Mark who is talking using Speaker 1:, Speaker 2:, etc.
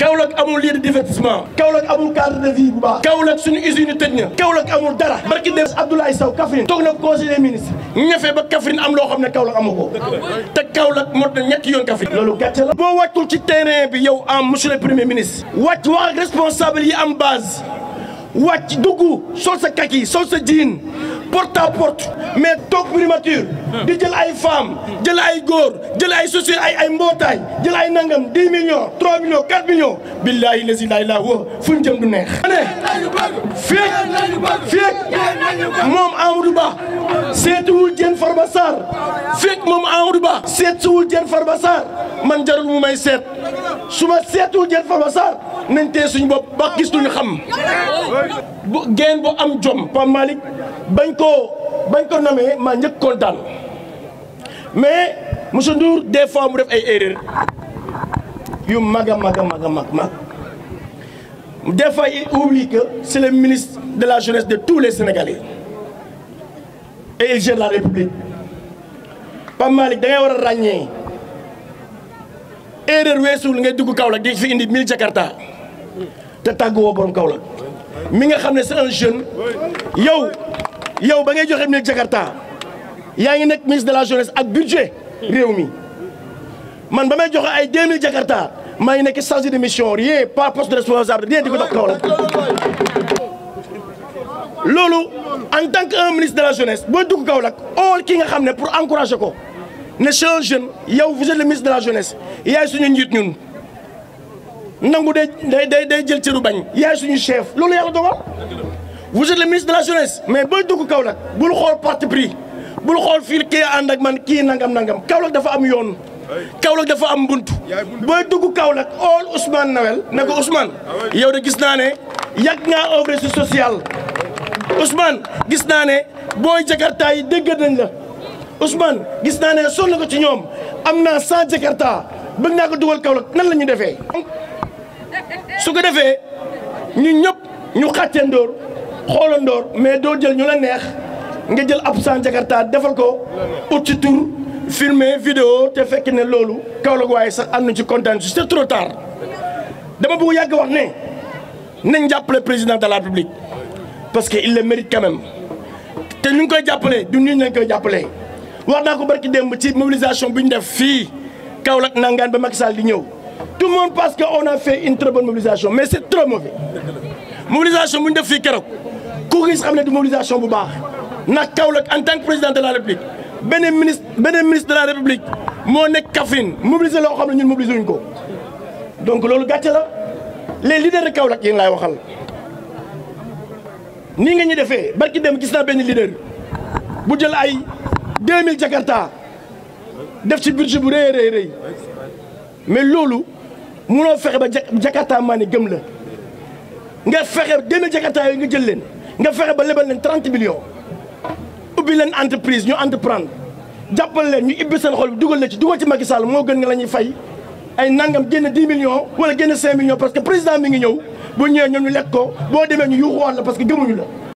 Speaker 1: Kaolack amul lieu de divertissement Kaolack amul cadre de vie bu baax Kaolack suñu usine tëj na amul dara barki dem Abdoulaye Sow Kaffrine toog na conseil des ministres ñafe ba Kaffrine am loo xam ne Kaolack amu ko ah te Kaolack mot na ñetti yoon Kaffrine loolu gàcce la boo wàccul ci terrain bi yow am ah, monsieur le premier ministre wàcc wax ak responsable yi am base wàcc dugg sol sa kaki sol sa jiin porte port porte mais toog primature di jël ay femmes jël ay góor jël ay société ay ay mbootaay jël ay nangam 10 millions 3 millions 4 millions billahi lazi la ilaha huwa fu ñu jëm du neex ma ne feek feek moom Amadou Ba seetuwul Diène Farba Sarr feek moom Amadou Ba seetuwul Diène Farba Sarr man jarul mu may seet suma setul seetul jël sa nante suñ tee ba gis duñu xam bu geen bu am jom Pape malik bañ ko bañ ko ma ñëk ko dal mais monsieur Ndour des fois mu def ay erreur yu mag a mag a mag a mag des fois il oublie que c'est le ministre de la jeunesse de tous les Sénégalais et il gère la République Pape malik da ngay wara a erreur weesuul ngay dugg Kaolack di fi indi mille Jakarta te tàgg woo borom Kaolack mi nga xam ne c'est un jeune yow yow ba ngay joxe mille Jakarta yaa ngi nekk ministre de la jeunesse ak budget réew mi man ba may joxe ay deux mille Jakarta maa ngi nekk chargé de mission rien pas poste de responsable rien di ko jox Kaolack loolu en tant que un ministre de la jeunesse boo dugg Kaolack ool ki nga xam ne pour encourager ko. ne change jeune vous êtes le ministre de la jeunesse suñu ñun jël bañ chef dogal vous êtes le ministre de la jeunesse mais bul xol parti pris bul ak man nangam nangam dafa am yoon dafa am buntu Ousmane Nawel nako Ousmane ah yow de gis na né social, Ousmane gis né ne jakarta yi Ousmane gis naa ne sonn ko ci ñoom am naa sans jakarta bëgg naa ko dugal Kaolack nan la ñu defee. su ko defee ñu ñëpp ñu xàccandoor xoolandoor mais doo jël ñu la neex nga jël ab sans jakarta defal ko ut ci tur filmer vidéo te fekk ne loolu Kaolack waaye sax am na ci kontaan si c'est trop dama bugg yàgg wax ne nañ jàppale président de la République parce que il le mérite te ñu ngi koy jàppale du ñu lañ koy jàppale. wax naa ko barki démb ci mobilisation bi ñu def fii Kaolack nangaan ba Macky Sall di ñëw tout le monde pense que on a fait une très bonne mobilisation mais c'est trop mauvais mobilisation bu ñu def fii keroog ku gis xam ne du mobilisation bu baax ndax Kaolack en président de la République beneen ministre beneen ministre de la République moo nekk Kaffrine mobiliser loo xam ne ñun mobiliser wuñ ko donc loolu gàcce la les leaders de Kaolack yéen laay waxal nii nga ñu defee barki dem gis naa benn leader bu jël ay. 2000 Jakarta def ci budget bu rëy rëy rëy mais loolu munoo fexe ba Jakarta maa ne gëm la nga fexe 2000 Jakarta yooyu nga jël leen nga fexe ba lebal leen 30 millions ubbi leen entreprise ñu entreprendre jàppal leen ñu ibbi seen xol dugal la ci dugal ci Macky Sall moo gën nga la ñuy fay ay nangam génn 10 millions wala génn 5 millions parce que président mi ngi ñëw bu ñëwee ñoo ñu lekk ko boo demee ñu yuuxuwaat la parce que gëmuñu la.